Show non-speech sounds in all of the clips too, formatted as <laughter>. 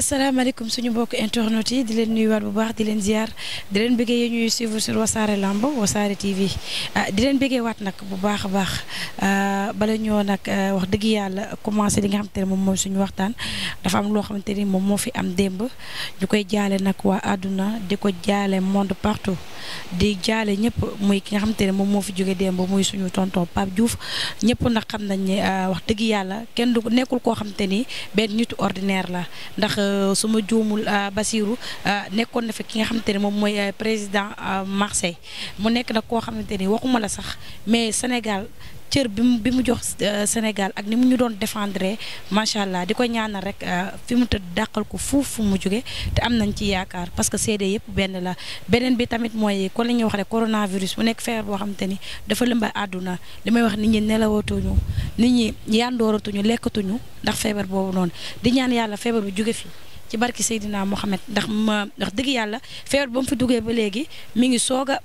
asalaamaaleykum suñu mbokk internet yi di leen nuy nuyuwaat bu baax di leen ziar di leen bëggee yi ñuy suivre sur wasaare lamb wasaare TV ah di leen bëggee waat nag bu baax a baax ah, bala ñoo nag ah, wax dëgg yàlla commencé li nga xamante ne moom mooy suñu waxtaan dafa am loo xamante ni moom moo fi am démb ñu koy jaale nag waa àdduna di ko jaale monde partout di jaale ñëpp muy ki nga xamante ne moom moo fi jóge démb muy suñu tonton Pape Diouf ñëpp nag xam nañ ne ah, wax dëgg yàlla kenn du nekkul koo xamante ni benn nitu ordinaire la ndax. Euh, su ma juumul euh, Basirou euh, nekkoon na fi ki nga xamante ne moom mooy président Marseille mu nekk nag koo xamante ni waxuma la sax mais Sénégal cër bi mu bi mu jox euh, Sénégal ak ni mu ñu doon défendre macha allah di ko ñaanal rek euh, fi mu tëdd dàqal ko fuuf fu mu jóge te am nañ ci yaakaar parce que seede yëpp benn la beneen bi tamit mooy kon la ñuy wax rek coronavirus mu nekk feebar boo xam te ni dafa lëmba àdduna li may wax nit ñi nelawatuñu nit ñi yandooratuñu lekkatuñu ndax feebar boobu noonu di ñaan yàlla feebar bu jóge fi ci barki Seydina Mohamed ndax ma ndax dëgg yàlla feebar ba mu fi duggee ba léegi mi ngi soog a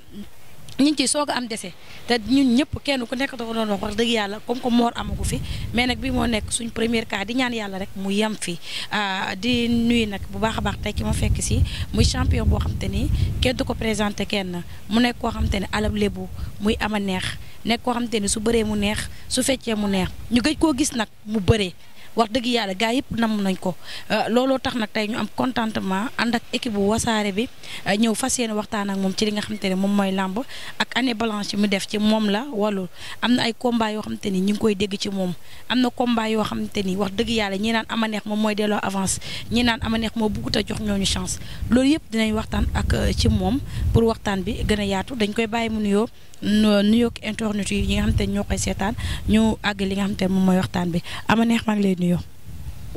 ñu ngi ciy soog am dese te ñun ñëpp kenn ku nekk dafa doon wax wax dëgg yàlla comme que moor amagu fi mais nag bi moo nekk suñ premier cas di ñaan yàlla rek mu yem fi ah, di nuyu nag bu baax a baax tey ki ma fekk si muy champion boo xam te ni kenn du ko présenté kenn mu nekk koo xam te ni alab lébu muy ama neex nekk koo xam te ni su bëree mu neex su feccee mu neex ñu gëj koo gis nag mu bëree wax dëgg yàlla gars yëpp nam nañ ko euh, looloo tax nag tey ñu am contentement ànd ak équipe bu wasaare bi euh, ñëw fas yéene waxtaan ak moom ci li nga xamante ne moom mooy làmb ak année blanche yi mu def ci moom la walul am na ay combat yoo xamante ni ñu ngi koy dégg ci moom am na combat yoo xamante ni wax dëgg yàlla ñi naan ama neex moom mooy delloo avance ñi naan ama neex moo bëggut a jox ñooñu chance loolu yëpp dinañ waxtaan ak euh, moom pour waxtaan bi gën a yaatu dañ koy bàyyi mu nuyoo nuyoo internet yi ñi nga xamante ni ñoo koy seetaan ñu li nga xamante ne moom mooy waxtaan bi neex maa ngi nuyoo.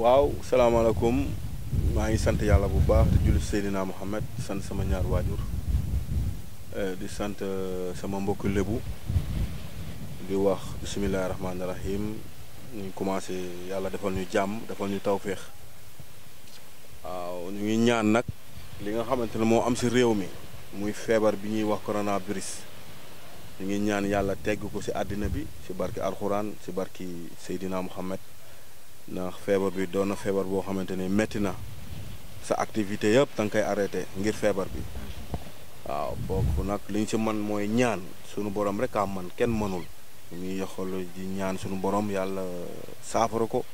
waaw salaamaaleykum maa ngi sant yàlla bu baax di julli Seydina Mohamed sant sama ñaar waajur eh, di sant eh, sama mbokku lébu di wax bisimilah ñu commencé yàlla defal ñu jàmm defal ñu tawféex waaw ñu ngi ñaan nag li nga xamante ne moo am si réew mi muy feebar bi ñuy wax coronavirus ñu ngi ñaan yàlla tegg ko si àddina bi ci barki alxuraan si barki Seydina Mohamed. ndax feebar bi doon na feebar boo xamante ni métti na sa activité yëpp da nga koy arrêté ngir feebar bi waaw boobu nag li ñu si man mooy ñaan sunu borom rek a man kenn mënul ñuy yoxal ji ñaan sunu boroom yàlla saafara ko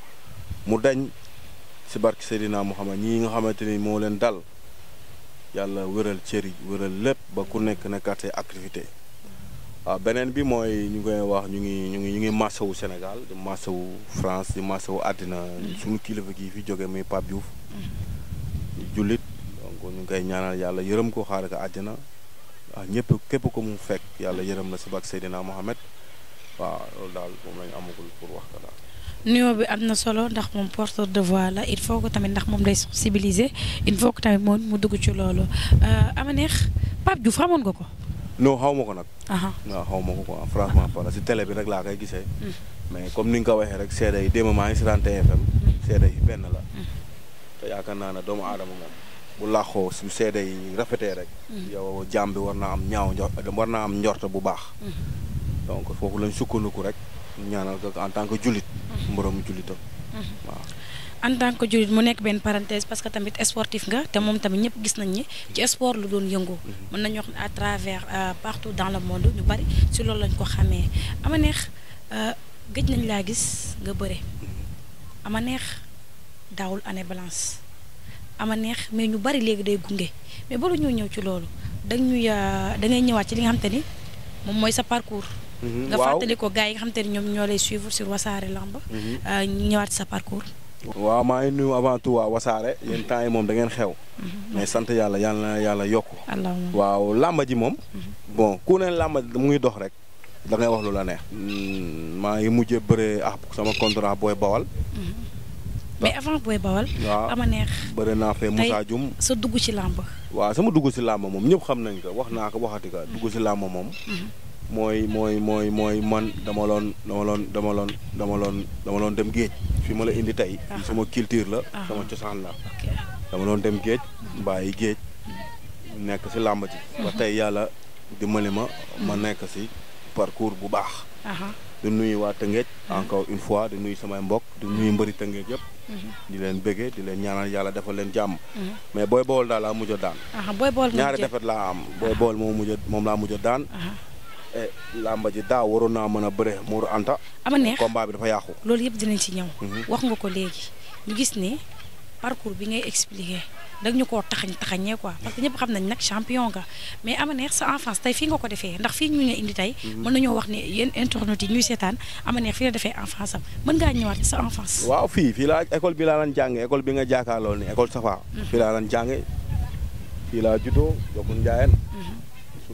mu dañ si barki Seydina Muhammad ñii nga xamante ni moo leen dal yàlla wëral cëri wëral lépp ba ku nekk nekkaat say activité waaw ah, beneen bi mooy ñu koy wax ñu ngi ñu ngi ñu ngi massawu Sénégal di massawu France di massawu àddina mm-hmm. suñu kilifa gii fi jóge muy Pape Diouf mm-hmm. jullit donc ñu ngi koy ñaanal yàlla yërëm ko xaare ko àddina waaw ah, ñëpp képp ko mu fekk yàlla yërëm la si bak Seydina Mohamed waaw loolu daal moom lañu amagul pour wax ko daal nuyoo bi am na solo ndax moom porteur de voix la il faut que tamit ndax moom day sensibiliser il faut que tamit moom mu dugg ci loolu ah, ama neex Pape Diouf xamoon nga ko non xaw ma ko nag. waaw xaw ma ko quoi franchement par si télé bi rek la koy gisee. Hmm. mais comme ni nga ko waxee rek seede yi démb maa ngi si TFM. Hmm. seede yi benn la. Hmm. te yaakaar naa ne doomu aadama moom. bu laaxoo su seede yi rafetee rek. yow jaam war naa am ñaaw njort war naa am njort bu baax. donc foofu lañ sukkandiku rek ñaanal ko en tant que jullit. mu jullitam waaw. en tant que jullit mu nekk benn parenthèse parce que tamit sportif nga te moom tamit ñëpp gis nañ ni ci sport lu doon yëngoo mhm. mën nañu wax à travers euh, partout dans le monde ñu bari si loolu lañ ko xamee ama neex euh, gëj nañ laa gis nga bëre mhm. ama neex daawul année balance ama neex mais ñu bari léegi day gunge mais ba lu ñëw ci loolu dañ ñuy euh, da ngay ñëwaat ci li nga xamte ni moom mooy sa parcours. Mhm. nga fàttali ko gars yi nga xam ni ñoom ñoo lay suivre sur Wassare Lamb. ñëwaat sa parcours. waaw maa ngi nuyu avant tout waa wasaare yéen temps yi moom da ngeen xew mais sant yàlla yàlla na yàlla yokk waaw làmba ji moom mhm. bon ku ne làmba mu ngi dox rek da wax lu la neex hmm, maa ngi mujjee bëre ah sama contrat booy bawal mhm. mais avant booy bawal waaw ama neex bëri naa fee Moussa Dioum sa dugg ci làmb waa sama dugg ci làmb moom ñëpp xam nañ ko wax naa ko waxati ko mhm. dugg ci làmb moom mooy mooy mooy mooy man dama loon dama loon dama loon dama loon dama loon dem géej fi ma la indi tey ah. sama culture la ah. sama cosaan la dama loon dem géej bàyyi géej nekk si làmb ji ba mm-hmm. tey yàlla dimbali ma ma mm-hmm. nekk si parcours bu baax di nuyu waa Tëngéej ah. encore une fois di nuyu samay mbokk di nuyu mm-hmm. mbëri Tëngéej yëpp di leen bëggee di leen ñaanal yàlla defal leen jàmm mais booy bool daal laa mujj daan ñaari defet laa am bool moom mujj moom laa mujj a E làmba ji daaw waroon naa mën a bëre Mourou Anta. ama neex combat bi dafa yàqu. loolu yëpp dinañ ci ñëw. Mhm. wax nga ko léegi ñu gis ne parcours bi ngay expliqué dag ñu koo taxañ taxañee quoi parce que ñëpp xam nañ nag champion nga mais ama neex sa enfance tey fii nga ko defee ndax fii ñu nga indi tey. Mhm. mën nañoo wax ne yéen internautes yi ñuy seetaan ama neex fii la defee enfance am mën ngaa ñëwaat sa enfance. waaw fii fii laa école bi laa daan jàngee école bi nga jaakaarloo ni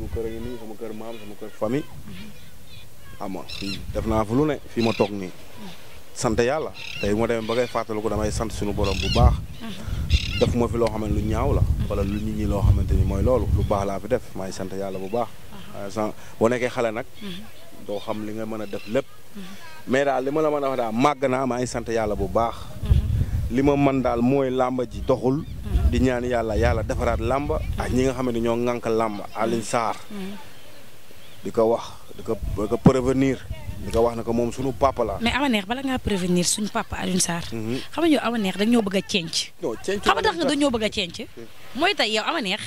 sama kër a ngi nii sama maam sama kër famille ama def naa fa lu ne fii ma toog nii sant yàlla tey bu ma demee ba ngay ko damay sant suñu borom bu baax def ma fi loo xamante lu ñaaw la wala lu nit loo xamante ni mooy loolu baax laa fi def maay sant yàlla bu baax san boo nekkee xale nag doo xam li nga mën a def lépp mais daal li ma la mën a wax daal màgg naa maa ngi sant yàlla bu baax li ma man daal mooy làmba ji doxul di ñaan yàlla yàlla defaraat làmb ak ñi nga xam ne ñoo ŋànk làmb Alioune Sarr mm-hmm. di ko wax di ko di di ko wax na ko moom sunu papa la mais Awaneex bala ngaa prévenir suñu papa Alioune Sarr mm-hmm. xam nga yow Awaneex dañoo bëgg a cenc xam nga tax dañoo bëgg a cenc mooy tey yow Awaneex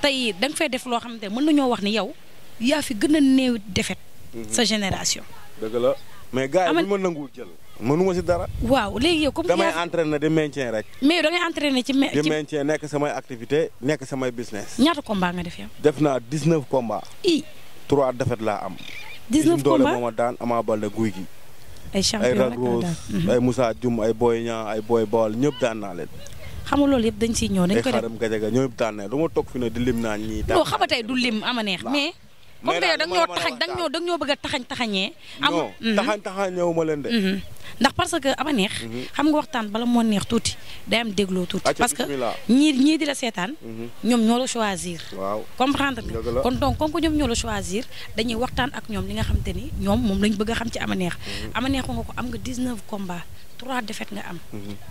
tey da nga fay def loo xam xamante mën nañoo wax ni yow yaa fi gën a néew defet mm-hmm. sa génération dëgg la mais mënuma si dara. waaw léegi yow comme damay na di maintien rek. mais da ngay entraîné ci di maintien nekk samay activité nekk samay business. ñaata combat nga def yow. def naa 19 combats. i 3 defet laa am. 19 combats doole mooma daan Ama Baldé guy gi. ay champion ay Ragros hmm. ay Moussa Dioum ay Boy Niang ay Boy Baol ñëpp daan naa leen. xam nga loolu yëpp dañ siy ñëw dañ ko def ay xaram gajaga ñoom daan na du ma toog fi ne di lim naa ñii. daan naa leen non tey du lim ama neex mais. comme que yow da nga ñoo taxañ ñoo da nga ñoo bëgg a taxañ taxañee. Mm-hmm. ma leen mm-hmm. ndax parce que aba neex. Mm-hmm. xam nga waxtaan bala moo neex tuuti day dégloo tuuti. parce que ñii ñii di la seetaan. ñoom ñoo la choisir. waaw comprendre nga kon ko comme que ñoom ñoo la choisir dañuy waxtaan ak ñoom li nga xamante ni ñoom moom lañ bëgg xam ci a neex. ama neexu nga ko am nga 19 combats. trois défaites nga am.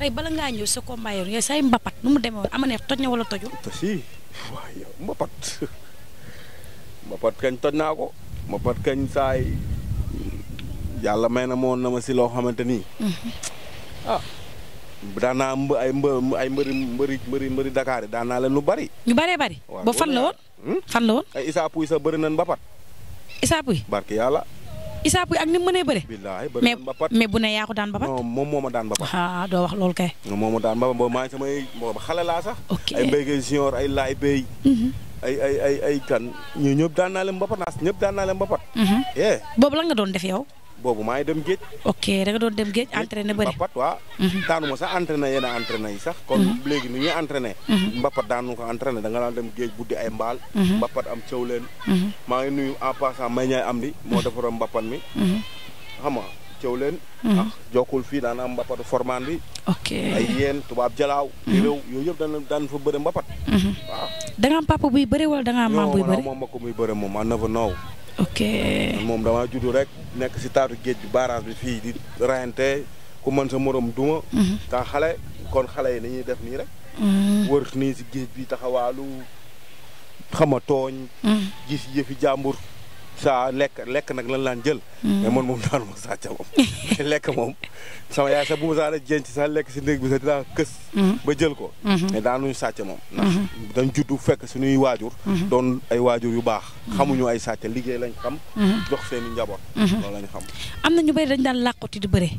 tey bala ngaa ñëw sa combat yow say mbapat nu mu demee am ama neex toj na wala tojul. si waaw yow mbapat mbapat kañ toj naa ko mbapat kañ saay yàlla may na moon na ma si loo xamante nii mm-hmm. ah, daan naa mb ay mb ay mbëri mbëri mbëri mbëri Dakar yi daan naa leen lu bari ñu baree bari ba fan la woon hmm? fan la woon ay Issa Pouye sa bëri nañ mbapat Issa Pouye barke yàlla Issa ak ni mu mënee bëre. billaahi mais bu ne yaa daan mbapat. non moom daan mbapat. ah doo wax loolu kay. moom moo daan mbapat boobu maa samay xale laa sax. ay mbéy kay ay laay béy. Mm-hmm. ay ay ay kan ñu ñëpp daan mbapat naas ñëpp mbapat. Mhm. boobu la doon def yow. boobu maa dem géej. ok da nga doon dem géej entraîné bëri. mbapat waaw. Mhm. daanu ma sax entraîné yenn entraîné yi sax. kon mhm. léegi ni ñuy entraîné. mbapat daanu ko entraîné da nga daan dem géej buddi ay mbaal. mbapat am cëw leen. maa ngi nuyu en passant may ñaay am moo defaroon mbapat mi. xam Cëwleen leen hmm. jokkul fii daan am mbapatu formaan bi ok ay yéen tubaab jalaaw di hmm. yooyu yëpp daan fa bëre mbapat hmm. waaw da nga buy bëre wala da nga am maam buy bëre moom ma ko muy bëre moom à neuf ok moom dama juddu rek nekk si taatu géej bi barrage bi fii di rayante ku mën sa morom duma ta xale kon xale yi nañuy def nii rek wër nii si géej bi taxawaalu xama tooñ gis yëfi jàmbur saa lekk lekk nag lan laan jël. Mm. mais man moom daal ma sàcca moom <laughs> lekk moom sama yaay sax bu saa la jën ci sax lekk si néeg bi sax dinaa kës. Mm. ba jël ko. Mm-hmm. mais daanuñu sàcc moom. ndax mm-hmm. dañ juddu fekk suñuy waajur. Mm-hmm. doon ay waajur yu baax. xamuñu ay sàcc liggéey lañ xam. jox seen i njaboot. loolu lañ xam. am na ñu bëri dañ daan làqoti di bëre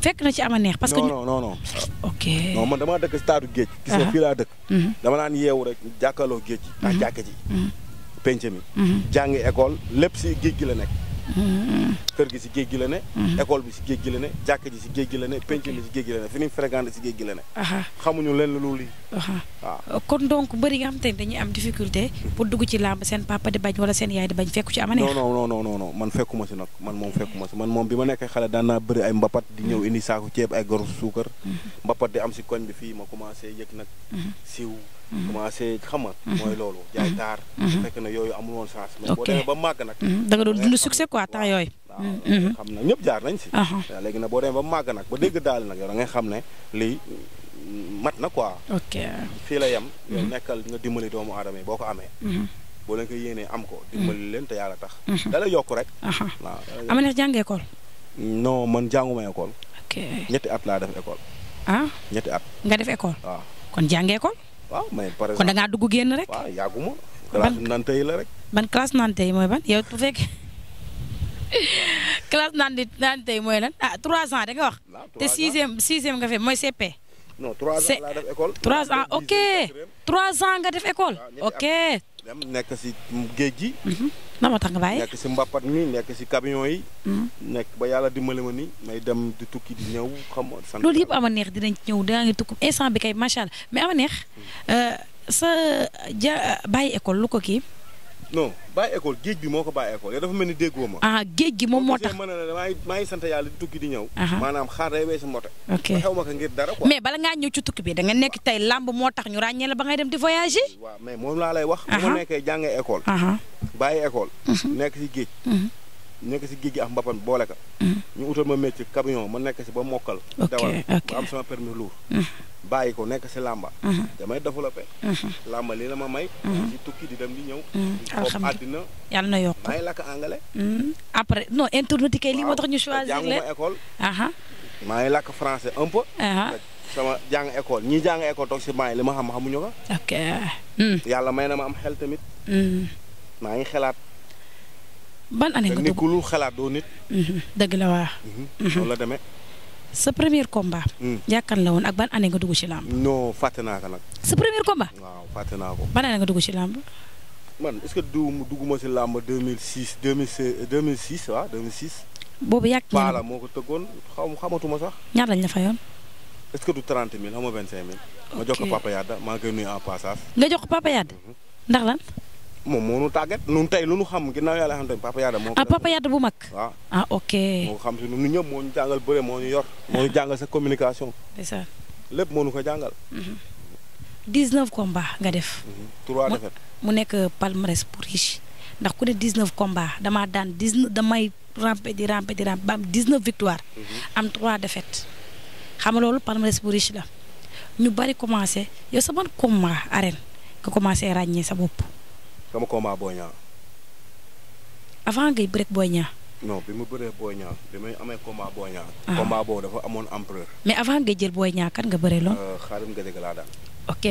fekk na ci a neex. parce que non non non. ok non man damaa dëkk stade géej. gis nga uh-huh. laa dëkk. dama naan yeewu rek jàkkaarloo géej gi. ak jàkka penc mi. jàngi école lépp si géej gi la nekk. kër gi si géej gi la ne. école bi si géej gi la ne jàkk ji si géej gi la ne penc mi si géej gi la fi ñuy fréquenté si géej gi la ne. xamuñu leen lu lii. kon donc bëri nga xam te ne dañuy am difficulté. pour dugg ci làmb seen papa di bañ wala seen yaay di bañ fekku ci amaneex. non non non non man fekkuma si nag man moom fekkuma si man moom bi ma nekkee xale daan naa bëri ay mbapat di ñëw indi saako ceeb ay garu suukar. Mhm. mbapat di am si koñ bi fii ma commencé yëg commencé xam nga. Mhm. mooy loolu jaay mhm. taar. Mhm. fekk na yooyu amul woon chance. ok mais boo demee ba màgg nag. da nga doon dund succès quoi temps yooyu. waaw na ñëpp jaar nañ si. Uh-huh. léegi nag boo demee ba màgg nag ba dégg daal nag yow da ngay xam ne lii na quoi. ok fii la yem. yow nekkal nga dimbali doomu aadama yi boo ko amee. boo leen ko yéenee am ko. dimbali leen te yàlla tax. dala yokk rek. Uh-huh. waaw am na jàng école. non man jànguma école. ok ñetti at laa def école. ah ñetti at. nga def école. waaw kon jàng école. waaw mais par exemple kon da ngaa dugg génn rek. waaw yàggu ma. ban classe nante yi la mooy ban yow bu fekkee <laughs> classe nante nante mooy lan ah 3 ans da nga wax. waaw 3 ans te sixième sixième nga fi mooy CP. non 3 ans laa def école. 3 ok 3 ans nga def école. ok. dem nekk si géej gi. Mhm. na ma tax nga bàyyi nekk si mbappat mi nekk si camion yi. Mhm. nekk ba yàlla dimbali ma ni may dem di tukki di ñëw xam nga sant loolu yëpp ama neex dinañ ci ñëw dinaa ngi tukki instant bi kay macha mais mais ama neex mm. euh, sa ja bàyyi école lu ko kii. non bàyyi école géej bi moo ko bàyyi école yow dafa mel ni déggoo ma. ah géej gi moom moo tax mën na maa ngi maa ngi sant yàlla di tukki di ñëw. maanaam xaar day weesu moto. ok xew ma ko ngir dara quoi. mais bala ngaa ñëw ci tukki bi da nga nekk tey làmb moo tax ñu ràññee la ba ngay dem di voyager. waaw mais moom laa lay wax. bu ma nekkee jàngee école. bàyyi école. Mhm. nekk ci géej. Mhm. nekk si géej gi ak mbappam boole ka mm. ñu utal ma métier camion ma nekk si ba mokkal. ba am sama permis lourd. Mm. bàyyi ko nekk si làmba mm. damay développé. Mm-hmm. làmba lii la ma may. di mm-hmm. tukki di dem di ñëw. alhamdulilah àddina yàlla na yokk may lakk anglais. après non internaute kay lii moo tax ñu choisir leen maa ngi lakk français un peu. sama jàng école ñi jàng école toog si maa li ma xam xamuñu ko. ok. yàlla may na ma am xel tamit. maa ngi xelaat. ban année nga dugg xalaat doo nit. Mhm. dëgg la waa. loolu mhm. mhm. la demee. sa premier combat. Mm. yaakaar la woon ak ban année nga dugg ci làmb. non fàtte naa ko nag. sa premier combat. waaw fàtte naa ko. ban année nga dugg ci làmb. man est-ce que du dugguma ci làmb 2006 2006 2006 waaw 2006. boobu yàgg na moo ko tëggoon xaw xamatuma sax. ñaar lañ la fayoon. est que du 30 000 xaw ma 25 000. ma jox ko Papa Yada maa ngi koy en passage. nga jox ko Papa Yada. ndax lan. moom moo nu tàggat nun tey lu nu xam ginnaaw yàlla xam tamit Papa Yada moo ah Papa Yada bu mag waaw ah, xam si nu ñëpp moo ñu jàngal bëre moo moo ñu sa communication ndeysaan lépp moo nu ko jàngal 19 mhm. combats nga def mhm. mu nekk palmarès pour riche ndax ku ne 19 combats damaa daan 19 damay rampe di rampe di rampe ba am mhm. am 3 défaites xam nga loolu palmarès bu riche la ñu bari commencé yow sa ban combat commencé ràññee sa bopp sama combat Boy Niang. avant ngay bëreeg Boy Niang. bi mu bëree Boy Niang bi may amee combat Boy Niang. Ah. combat dafa amoon ampleur. mais avant ngay jël Boy Niang kan nga bëree loon. Xaadim euh, Gadiaga laa daan. ok.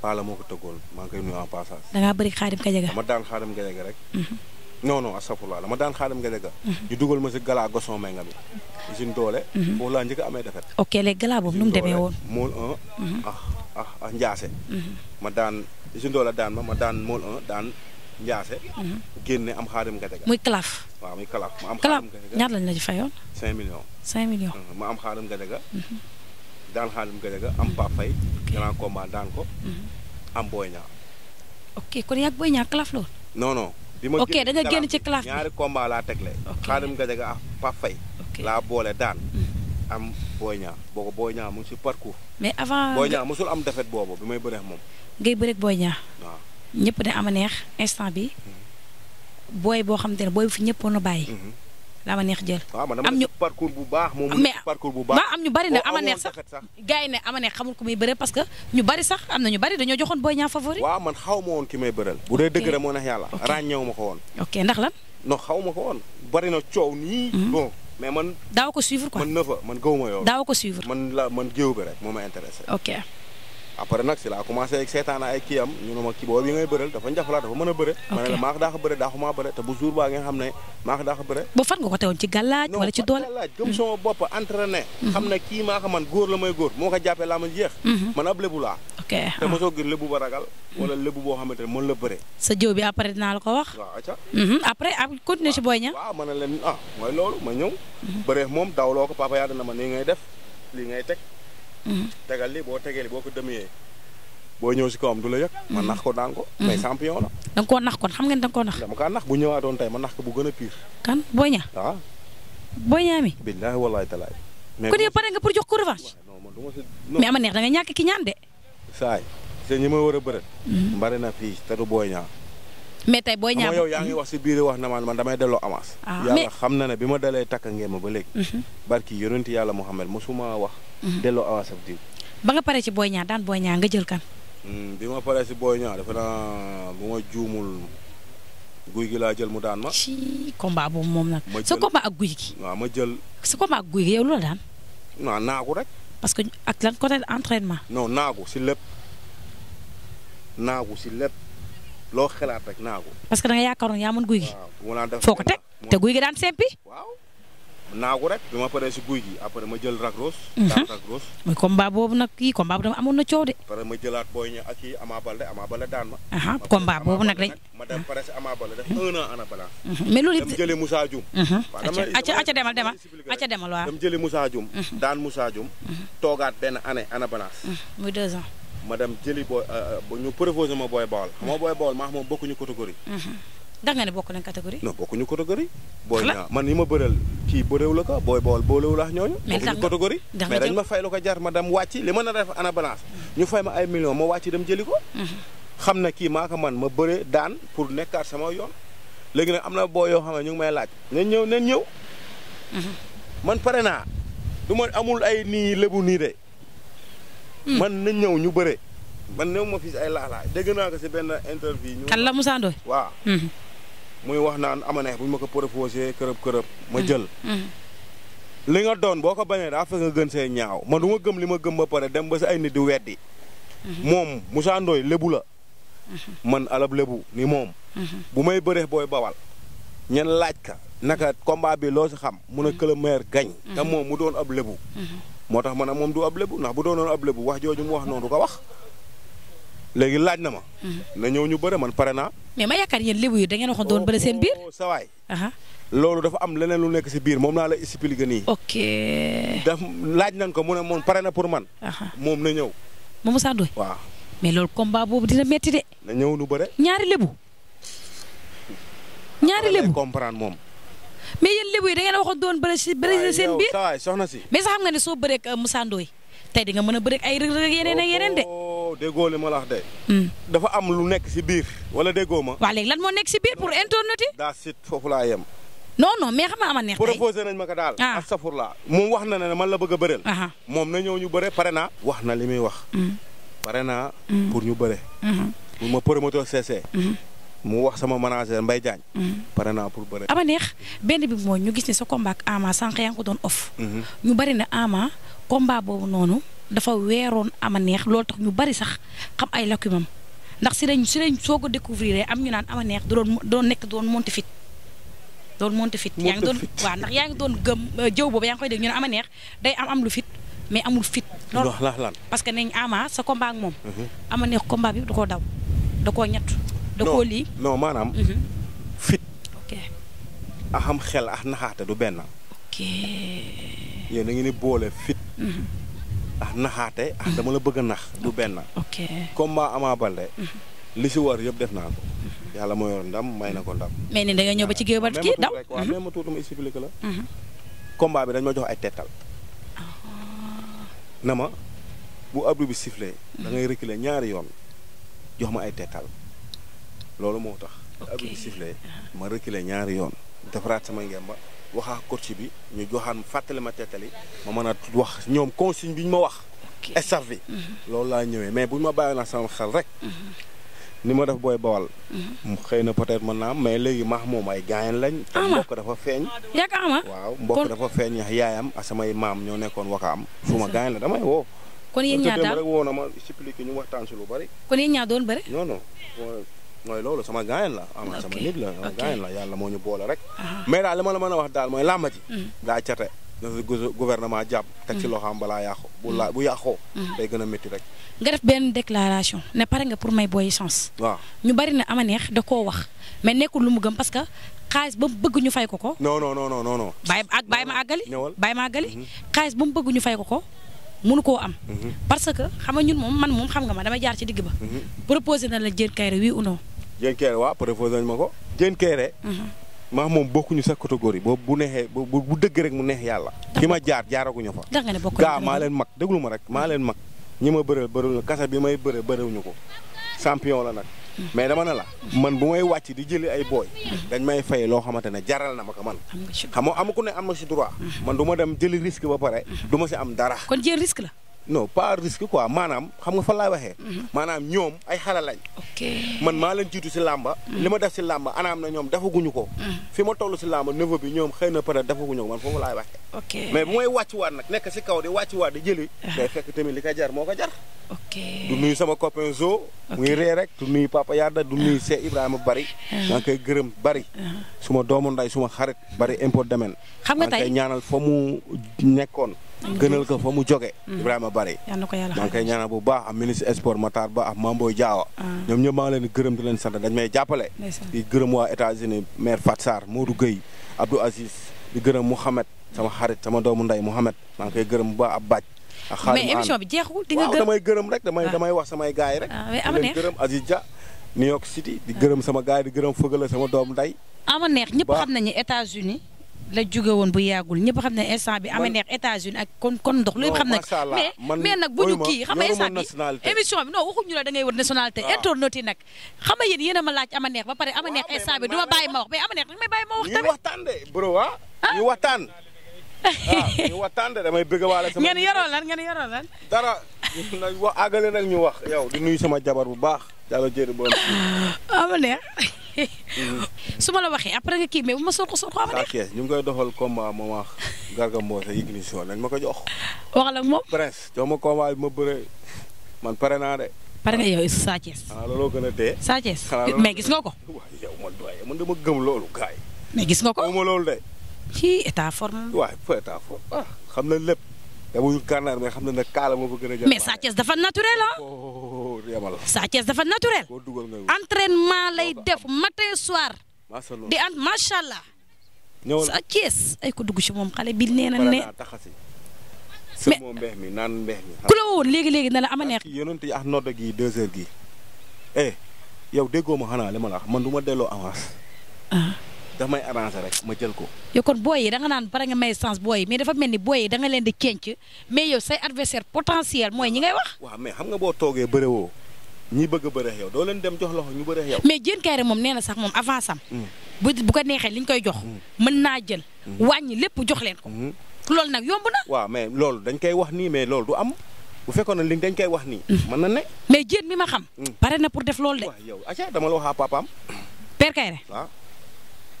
Paala moo ko maa ngi koy nuyu en passage. da ngaa bëri Xaadim Gadiaga. dama daan Xaadim Gadiaga rek. Mhm. non non astafurlah dama daan Xaadim Gadiaga. Mhm. ñu dugal ma si gala goson nga bi. usine doole. Mhm. foofu laa njëkk amee defet. ok léegi gala boobu nu demee woon. mool un. ah ah ah ma daan. Youssou la daan ma ma daan mool 1 daan Ndiassé. Mhm. génne am xaadim Ngadiaga. muy Kalaf. waaw muy Kalaf mhm, ma am. xaadim Ngadiaga ñaar lañ la di fayoon. 5 millions. 5 millions. ma am xaadim Ngadiaga. daan xaadim Ngadiaga am Pape Faye. grand combat daan ko. Mhm. am Boy Niang. ok kon yaa ngi Boy Niang lool. non bi ma ok da nga génn ci Kalaf bi ñaari combat laa tegle. ok xaadim Ngadiaga ak Pape laa boole daan. am Boy Niang boo ko Boy Niang mu ngi si parcours. mais avant Boy Niang mosul am defet boobu bi may bëreex moom. ngay bëreeg booy ñaa waaw ñëpp am a neex instant bi mhm. booy boo xamante ne booy bu fi ñëppoon a bàyyi. Mhm. la ama neex jël. am ñu parcours bu baax moom mu parcours bu baax am ñu bari ne ama neex sax gars yi ne ama neex xamul ku muy bëre parce que ñu bari sax am na ñu bari dañoo joxoon Boy Niang favori. waaw man xaw ma woon ki may bëreel. bu dee dëgg la moo neex yàlla. ok ma ko woon. ok ndax lan. noo xaw ma ko woon bari na coow nii. Mhm. mais man. daaw ko suivre quoi man nëfa man gëwuma yow. daaw ko suivre man la man géew bi rek moo ma intéressé. ok. après nag si laa commencé seetaan ay kii am ñu ne a kii boobu ngay bëreel dafa njafalaa dafa mën a bëre ma ne la daax a bëre daaxu maa a a moom dawloo papa yaa dana ma ngay def lii ngay teg tegal li boo tegee li boo ko demee boo ñëw si kawam du la yëg ma nax ko daan ko mm-hmm. mais champion la da nga koo nax kon xam ngeen da nga koo nax dama kaa nax bu ñëwaatoon tey ma nax ko bu gën a pire kan Boy Niang waaw ah. Boy Niang mi billaahi wallaahi talaay kon yow pare nga pour jox ko revanche mais ama neex da nga ñàkk ki ñaan de saay te ñi ma war a bëre mm-hmm. mbari na fii te du Boy mais tey booy ñaar yaa ngi wax si biir wax na man ma damay delloo avance. Ah. yàlla xam na ne bi ma dalee takk ngeen ma ba léegi. Mhm. barki yonenti yàlla Muhammad mosuma wax. Mhm. delloo avance ak diw. ba nga pare ci booy ñaar daan booy ñaar nga jël kan. Hmm, bi ma paree si booy ñaar defe naa bu ma juumul guy gi laa jël mu daan ma. ci combat boobu moom nag. ma jël sa combat ak guy gi. waaw ma jël. sa combat ak guy gi yow lu la daan. non naagu rek. parce que ak lan côté entraînement. non naagu si lépp naagu loo xalaat rek naa ko. parce que da nga yaakaaroon yaa mën guy gi. waaw te guy gi daan sempi. waaw rek. ma paree si guy gi après ma jël ragros. Mhm. daal boobu nag kii combat boobu amoon na coow de. ma jëlaat booy ñëw ak kii Ama Baldé daan ma. ma combat boobu nag dañ. ma dem mhm. pare si Ama Baldé def mhm. un an ana balaa. mais loolu it demal demal acca demal waaw. ma dem jëli booy euh, euh, ñu proposé ma booy Bawol. xam nga booy Bawol maa xam bokkuñu catégorie. Mhm. ndax ne bokk nañ catégorie. non bokkuñu catégorie. booy ñaa man ni ma bëreel kii bëreew la ko booy Bawol boolewu la ñooñu. dañ ma fay lu ko jar ma dem wàcc li ma na def ana balance. Mhm. ñu fay ma ay millions ma wàcc dem jëli ko. Mhm. xam na kii maa man ma bëre daan pour nekkaat sama yoon. léegi nag am na boo yoo xam ne ñu ngi may laaj nañ ñëw nañ ñëw. man pare naa du ma amul ay nii lébu nii de Hmm. man na ñëw ñu bëre. man néew ma fi ay laaxlaay dégg naa ko si benn interview. ñu kan la Moussa Ndoye waaw. Hmm. muy wax naan ama neex bu ñu ma ko proposé kërëb kërëb. ma hmm. jël. li nga doon boo ko bañee daa fekk nga gën see ñaaw man du ma gëm li ma gëm ba pare dem ba si ay nit di weddi. moom Moussa Ndoye lébu la. man alab lébu ni moom. bu may bëree booy bawal. ñen laaj ka naka combat bi loo si xam. mun a que le gañ. te moom mu doon ab lébu. moo tax ma ne moom du ab lébu ndax bu doonoon ab lébu wax jooju mu wax noonu du ko wax léegi laaj na ma. Mhm. na ñëw ñu bëre man pare naa. mais ma yaakaar yéen lébu yi da ngeen waxoon doon bëre seen biir. Oh, sa waay. loolu dafa am leneen lu nekk si biir moom naa la expliqué nii. ok. daf laaj nañ ko mu a moom pare na pour man. moom na ñëw. Momo Sarr Ndoye. waaw mais loolu combat boobu dina métti de. na ñëw ñu bëre. ñaari lébu. ñaari lébu comprendre moom. mais yéen lébu yi da ngeen a waxoon doon bëre si bëre seen biir soxna si mais sax xam nga ne soo bëree ak euh, Moussa Ndoye di nga mën a bëre ak ay rëg rëg yeneen ak yeneen de oh, déggoo li ma la wax de hmm. dafa am lu nekk si biir wala déggoo ma waaw léegi lan moo nekk si biir pour internet yi daa sit foofu laa yem non mais xam nga ama neex daal ah. astafurlaa moom wax na la bëgg a bëreel moom na ñëw ñu bëre pare naa wax na li muy wax hmm. pare naa hmm. pour ñu bëre pour ma promoteur CC mu wax sama manager mbay Diagne. Mm-hmm. pare naa pour ama neex benn bi mooy ñu gis ne sa combat ak Ama sànq yaa ngi doon off. Mm-hmm. ñu bari na Ama combat boobu noonu dafa weeroon ama neex loolu tax ñu bari sax xam ay lacumam ndax si lañ si lañ soog a découvrir am ñu naan ama neex doon doon nekk doon monte fit doon monte fit yaa ngi doon waaw ndax ngi doon gëm euh, jëw boobu yaa ngi koy dégg ñu ne ama neex day am am lu fit mais amul fit. loolu parce que nañ Ama sa combat ak moom. Mm-hmm. ama neex combat bi da koo daw da koo ñett. da koo lii non maanaam. Mhm. fit. ok xam xel ax naxaate du benn. ok. yéen da boole fit. Mhm. ax naxaate ax dama la bëgg a nax du benn. ok comme maa Ama Baldé. Mhm. li si war yëpp def naa ko. yàlla moo yor ndam may na ko ndam. mais ni da nga ba ci géew ba kii daw. waaw même ma la. combat bi dañ ma jox ay tettal. Ah. na ma bu abdu bi sifflé. da ngay ñaari yoon jox ma ay teetal loolu moo tax. ab bi siflee ma reculer ñaari yoon. defaraat sama ngemba waxaa coach bi ñu joxaan fàttali ma tetali ma mën a wax ñoom consigne bi ñu ma wax. staff bi mhm. loolu laa ñëwee mais bu ñu ma bàyyi naa sama xel rek. Mhm. ni ma def booy bawal. Mhm. xëy na peut-être mën naa mais léegi maax moom ay gaayen lañ. mbokk dafa feeñ. yàgg ama waaw mbokk dafa feeñ yax yaayam ak samay maam ñoo nekkoon wakaam. fu ma gaayen la damay woo. kon yéen ñaar daal woo na ma expliqué ñu waxtaan si lu bari. kon mooy loolu sama gaayen la ama ah, sama nit la sama gaayen la yàlla moo ñu boole rek ah. mais daal ma la mën a wax daal mooy làmba ji mm. daa cate gouvernement jàpp teg ci mm. loxoom balaa yàqu bu la bu mm. gën a métti rek nga def benn déclaration ne pare nga pour may booy sens waaw ñu bari na ama neex da koo wax mais nekkul lu mu gëm parce que xaalis ba mu bëgg ñu fay ko ko non non non non non non bàyyi ak bàyyi ma àggali mm-hmm. ko ko mënu koo am mm-hmm. parce que xam nga ñun moom man moom xam nga ma damay jaar ci digg ba mm-hmm. proposé na la jën kayre Diène Kairé waaw proposé nañ ma ko Diène Kairé maa mhm. moom bokkuñu sa catégorie boobu bu neexee bu dëgg rek mu neex yàlla fi ma jaar jaaraguñu fa ndax nga gaa maa leen mag déglu ma rek maa leen mag ñi ma bëreel bëriwuñu kasa bi may bëre bëriwuñu ko champion la nag mhm. mais dama ne la man bu may wàcc di jëli ay booy mhm. dañ may fay loo xamante ne jaral na ma ko man xam nga ne am na si droit man du ma dem jëli risque ba pare du ma si am dara kon jël risque la non pas risque quoi maanaam xam nga fa laay waxee. Mhm. maanaam ñoom ay xale lañ. man maa leen jiitu si làmba. Mhm. li ma def si làmba anaam na ñoom ñu ko. Mhm. fi ma toll si làmba niveau bi ñoom xëy na peut être defaguñu ko man foofu laay waxee. mais bu may wàccuwaat nag nekk si kaw di wàccuwaat di jëli. Ah. day fekk tamit li ka jar moo ko jar. du sama copain Zo. mu ngi ree rek du nuyu Papa Yada du nuyu ah. Cheikh Ibrahima Bari. Ah. maa ngi koy gërëm Bari. suma doomu nday suma xarit Bari impôt domaine. xam nga tey ñaanal fa mu nekkoon. gënal ko fa mu joge mm-hmm. Ibrahima Bari maa ngi koy ñaanal bu baax am ministre sport Matar Ba ak Mamboy Diawa ah. ñoom ñëpp maa ngi leen di gërëm di leen sant dañ may jàppale di gërëm waa États-Unis maire Fat Sarr Modou Gueye Abdou Aziz di gërëm Mouhamed sama xarit sama doomu nday Mouhamed maa ngi koy gërëm bu baax ab baaj mais émission bi jeexul di nga gërëm damay gërëm rek damay ah. damay wax samay gars yi rek ah, di leen gërëm Aziz Dia New York City di gërëm sama gars yi di gërëm fëgala sama doomu nday ama neex ñëpp xam nañu États-Unis la jóge woon bu yàggul ñëpp xam ne instant bi ama neex États-Unis ak kon kon ndox lépp xam nag mais mais nag bu ñu kii xam nga instant bi émission bi non waxuñu la da ngay wër nationalité ah. internaute yi nag xam nga yéen yéen a ma laaj ama neex ba pare ama neex instant bi du ma bàyyi ma wax mais ama neex danga may ma wax tamit ñu wa ñu waxtaan ah? ah. ñu <laughs> waxtaan de damay bëgg waale sama ngeen yaroo lan ngeen yaroo lan dara nag wax àggale ñu wax yow di sama jabar bu baax jàllo jëri bon ama neex su ma la waxee après nga kii mais bu ma sol ko sol ko am neex. ma wax ma ko jox. waxal ak moom Prince jox ma combat ma bëree man pare naa de. pare nga yow Sa Thiès. ah gën a dee. Sa Thiès mais gis nga ko. waaw ma man doye man dama gëm loolu gars yi. mais gis nga ko gëmuma loolu de. ci état forme. waaw foo état forme ah, xam na lépp. dama wut gànnaar mais xam na ne kaala moo ko gën a. mais Sa dafa naturel ah. oh. Sa Thiès dafa naturel. entraînement lay def matin soir. di ant macha allah. Sa Thiès ay ko dugg ci moom xale bi nee na ne. mais ku la woon léegi léegi na la ama neex. yonent yi ak nodd gi deux heures gi eh yow ma xanaa li ma ma delloo avance. Ah. dafa may ma jël ko. yow kon booy yi da nga naan bara nga may sens booy mais dafa mel ni booy yi da nga leen di kenc mais yow say adversaire potentiel mooy ñi ngay wax. waaw mais xam nga boo toogee bëre ñi bëgg a bëreex yow doo leen dem jox loxo ñu bëreex yow. mais Diène Kairé moom nee na sax moom avance am. Mm. bu ko neexee liñ koy jox. Mm. mën naa jël. Mm. wàññi lépp jox leen ko. loolu nag yomb na. waaw mais loolu dañ koy wax nii mais loolu du am bu fekkoon ne li dañ koy wax nii. mën na ne. mais Diène mi ma xam. pare na pour def loolu de. yow acca dama la wax a papaam. Père Kairé. waaw. Ah.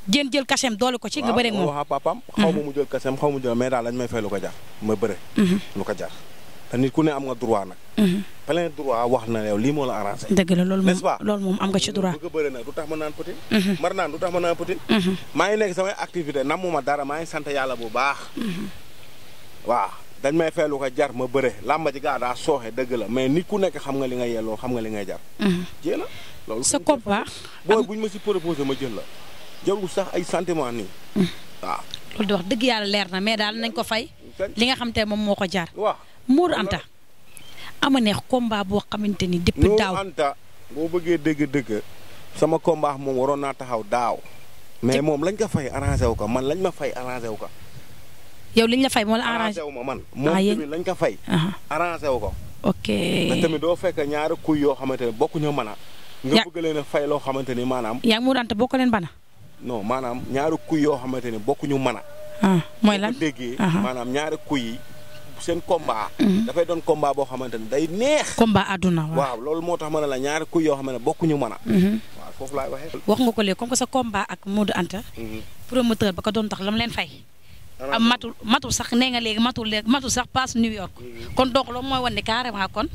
jël kasem doole ko ci nga bëreeg moom waaw a papaam. Mm-hmm. xaw ma mu jël kasem xaw ma mu jël mais daal lañ may fay lu ko jar ma bëre. Mm-hmm. lu ko jar te nit ku ne am nga droit nag. Mm-hmm. plein droit wax na yow lii moo la arrangé. dëgg la loolu moom n'est-ce pas loolu moom am nga ci droit. bëgg a bëri nag du tax ma naan petit. Mhm. mar naan du tax ma naan petit. Mhm. maa ngi nekk samay activité namuma dara maa ngi sant yàlla bu baax. Mhm. waaw dañ may fay ko jar ma bëre làmba ji gaa daa sooxe dëgg la mais nit ku nekk xam nga li nga yelloo xam nga li ngay jar. sa combat. booy buñ ma si proposé ma jël la jarul sax ay sentiment nii. loolu de wax dëgg yàlla leer na mais daal nañ ko fay. li nga xam te moom moo ko jar. waaw Mour ama neex combat boo xamante ni. depuis daaw Anta boo bëggee dëgg-dëgg sama combat moom waroon naa taxaw daaw. mais moom lañ ko fay arrangé wu ko man lañ ma fay arrangé wu ko. yow liñ la fay moo la arrangé wu ma man. Ah, moom tamit lañ ko fay. arrangé wu ko. ok te tamit doo fekk ñaari kuy yoo xamante ne bokkuñu mën a. nga bëgg leen a fay loo xamante ni maanaam. yaa ngi mu daan te bokk leen bana. no maanaam ñaari kuy yoo xamante ne bokkuñu mën a. Ah, mooy lan déggee. maanaam ñaari kuy yi. seen combat. Mhm. dafay doon combat boo xamante ne day neex. combat àdduna waaw loolu moo tax ma ne la ñaari kuy yoo xam ne bokkuñu mën a. Mhm. waaw foofu wax nga ko léegi comme que sa combat ak Modou Anta. Mhm. promoteur ba ka doon tax lam leen fay. am matul matul sax nee nga léegi matul léegi matul sax passe New York. kon donc loolu mooy wan ne carrément kon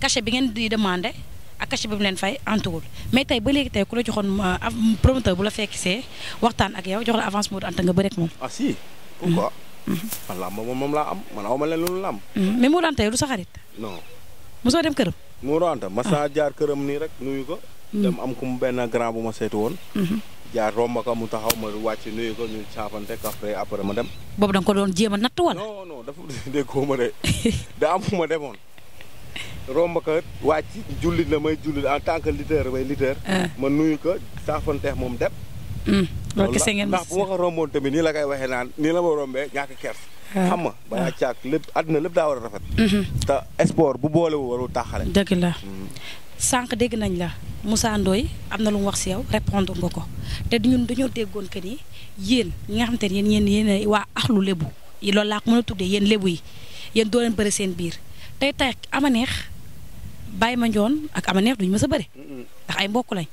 cachet bi ngeen di demandé ak cachet bi mu leen fay antuwul mais tey ba léegi tey ku la joxoon euh, promoteur bu la fekk see waxtaan ak yow jox la avance Modou Anta nga bëri moom. ah si pourquoi. man làmb moom laa am man aw ma leen loolu làmb. Mm-hmm. mais Modou Anta yow du sa xarit. non mosoo dem këram. Modou Anta mas ah. naa jaar këram nii rek nuyu ko. Mm-hmm. dem am ku mu benn grand ma seetu woon. Mm-hmm. jaar romb mu taxaw ma wàcc nuyu ko ma dem. boobu da ko doon jéem a natt wala. non non dafa <laughs> déggoo ma de daa am fu ma demoon. romb ko wàcc jullit la may jullit en tant que lutteur may lutteur. Ah. ma nuyu ko saafanteex moom dem. Mm. loolu kese ngeen ndax bu ma ko romboon tamit nii la koy waxee naan nii la ma rombee ñàkk kers xam nga balaa daa war a rafet mm-hmm. te sport bu boolewu warul taaxale dëgg la mm. sànq dégg nañ la Moussa am na lu wax si yow répondre nga ko te ñun dañoo déggoon que ni yéen ñi nga xam te ne yéen yéen yéen waa axlu lébu yi loolu laa ko mën a tuddee yéen lébu yi yéen doo leen bëri seen biir tey tey ama neex bàyyi ma njoon ak ama neex ñu mës a bari ndax ay mbokk lañ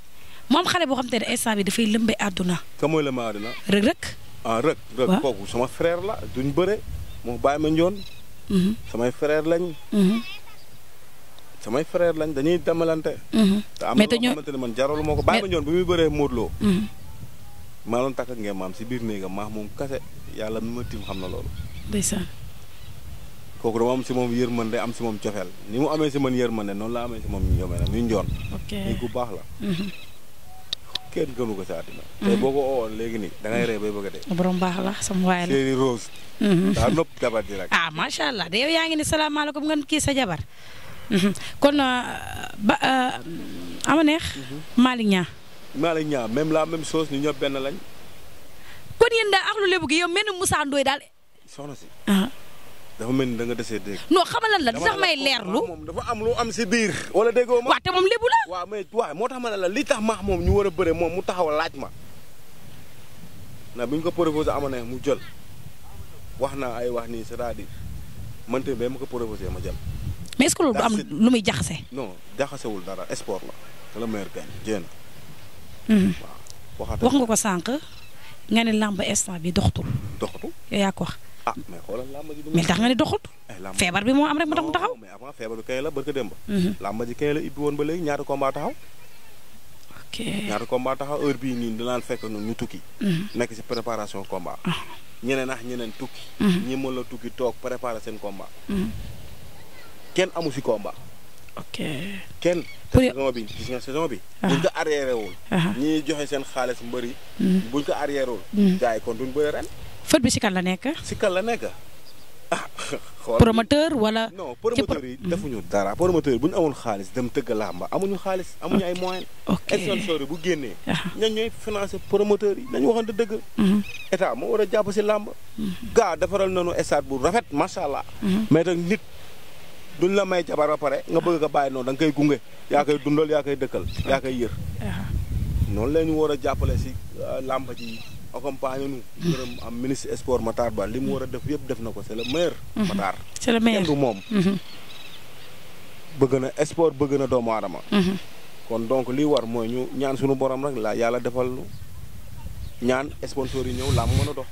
moom xale boo xam te ne instant bi dafay lëmbe àdduna. ka mooy lëmbe àdduna. Ah, sama frère la duñ bëre moo bàyyi ma njoon. Mhm. samay frère lañ. Mhm. samay frère lañ dañuy demalante. Mhm. te am na loo xamante ne man jarul moo ko bàyyi ma njoon bi muy bëree Modou maa doon takk ngeen maam si biir néegam maax moom kase yàlla mi ma tim xam na loolu. ndeysaan. kooku dama am si moom yërmande am si moom cofeel ni mu amee si man yërmande noonu la si moom ñoom ñu njoon. ok kenn gënu ko ci àddina. Mhm. tey boo léegi nii da ngay rey bay bëgg a baax la sama waay la Séeri Rose. Mhm. daa nopp jabar ji rek. ah macha allah de yaa ngi ni salaamaaleykum ngeen kii a jabar. Mhm. kon euh, ba euh, ama neex. Malick Niang. Malick Niang même la même chose ñu benn lañ. kon yéen daal ak lu lébu gi yow mel ni Moussa Ndoye daal. dafa mel ni da nga desee dégg. non xamal lan la sax may leerlu. moom dafa am lu am si wala déggoo ma waaw te moom lébu la. waaw moo tax ma ne la li tax maax moom ñu war a bëre moom mu taxaw laaj ma. na bu ñu ko proposé mu jël wax naa ay wax nii c'est-à-dire man tamit ma ko ma jël. mais est loolu du am lu muy jaxase. non jaxasewul dara sport la. que le meilleur gagne jéem. Hmm. waaw wax nga ko sànq. nga ne làmb instant bi doxatul. doxatul yaa ko wax. ah mais xoolal làmb ji. mais tax nga ne doxut. Eh, feebar bi moo am rek mu tax mu taxaw. mais avant feebar bi kañ la barka démb. Mhm. làmb ji kañ la ibbi woon ba léegi ñaata combat taxaw. ok ñaata combat taxaw heure bii ñun dinaan fekk ñun ñu tukki. Mhm. nekk ci préparation combat. Ah. ñeneen ak ñeneen tukki. Mhm. ñi mën la tukki toog préparer seen combat. kenn amu fi combat. ok kenn. saison bi gis nga saison bi. Ah. buñ ko arriéré wul. Ah. ñi joxe seen xaalis mbëri. buñ ko arriéré wul. kon duñ bëri ren. fët bi si kan la nekk. si kan la nekk ah. promoteur wala. non promoteur yi defuñu dara. promoteur bu ñu amoon xaalis dem tëgg làmba amuñu xaalis amuñu ay moyens. ok sponsor bu génnee. Ah. ñooñu ñooy financer promoteur yi dañu waxante dëgg. Mhm. état moo war a jàpp si làmb mhm. gaa defaral nañu stade bu rafet macha allah. Mhm. mais nag nit. duñ la may jabar ba pare nga bëgg ko bàyyi noonu da nga koy gunge yaa koy dundal yaa koy dëkkal yaa koy yër. Ah. noonu la ñu war a jàppale si euh, làmba ji. accompagné nu. gërëm am ministre sport Matar Ba li mu war a def yëpp def na ko c' est mhm. kenn du moom. Mhm. bëgg na sport bëgg na doomu aadama. Mhm. kon donc li war mooy ñu ñaan suñu borom rek la yàlla defal ñaan sponsor yi ñëw làmb mën a dox.